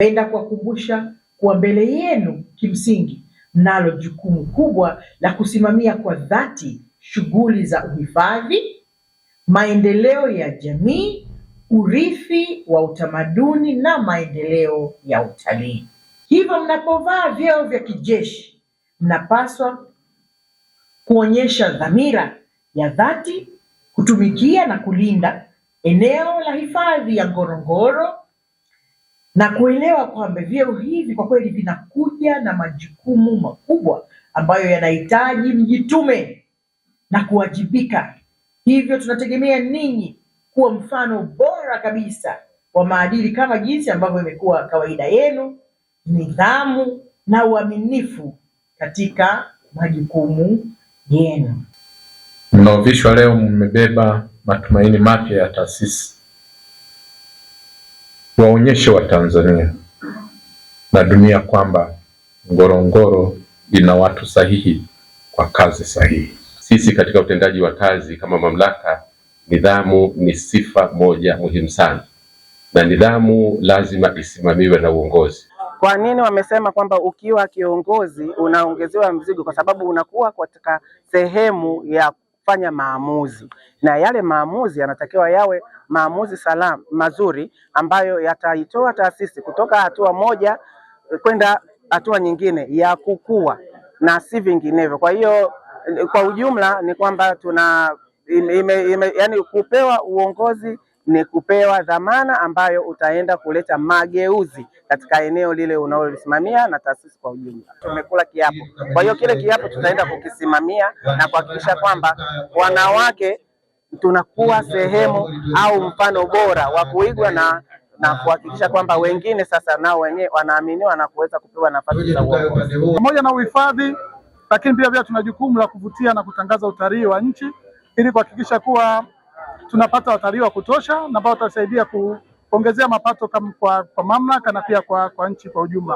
Napenda kuwakumbusha kuwa mbele yenu kimsingi mnalo jukumu kubwa la kusimamia kwa dhati shughuli za uhifadhi, maendeleo ya jamii, urithi wa utamaduni na maendeleo ya utalii. Hivyo, mnapovaa vyeo vya kijeshi, mnapaswa kuonyesha dhamira ya dhati kutumikia na kulinda eneo la hifadhi ya Ngorongoro na kuelewa kwamba vyeo hivi kwa kweli vinakuja na majukumu makubwa ambayo yanahitaji mjitume na kuwajibika. Hivyo tunategemea ninyi kuwa mfano bora kabisa wa maadili kama jinsi ambavyo imekuwa kawaida yenu, nidhamu na uaminifu katika majukumu yenu. Mnaovishwa leo mmebeba matumaini mapya ya taasisi waonyeshe Watanzania na dunia kwamba Ngorongoro ina watu sahihi kwa kazi sahihi. Sisi katika utendaji wa kazi kama mamlaka, nidhamu ni sifa moja muhimu sana, na nidhamu lazima isimamiwe na uongozi. Kwa nini wamesema kwamba ukiwa kiongozi unaongezewa mzigo? Kwa sababu unakuwa katika sehemu ya kufanya maamuzi, na yale maamuzi yanatakiwa yawe maamuzi salama mazuri, ambayo yataitoa taasisi kutoka hatua moja kwenda hatua nyingine ya kukua na si vinginevyo. Kwa hiyo kwa ujumla ni kwamba tuna ime, ime, yani kupewa uongozi ni kupewa dhamana ambayo utaenda kuleta mageuzi katika eneo lile unalolisimamia na taasisi kwa ujumla. Tumekula kiapo, kwa hiyo kile kiapo tutaenda kukisimamia na kuhakikisha kwamba wanawake tunakuwa sehemu au mfano bora wa kuigwa na na kuhakikisha kwamba wengine sasa nao wenyewe wanaaminiwa na kuweza kupewa nafasi za uongozi pamoja na uhifadhi. Lakini pia pia tuna jukumu la kuvutia na kutangaza utalii wa nchi ili kuhakikisha kuwa tunapata watalii wa kutosha na ambao watasaidia kuongezea mapato kwa, kwa mamlaka na pia kwa, kwa nchi kwa ujumla.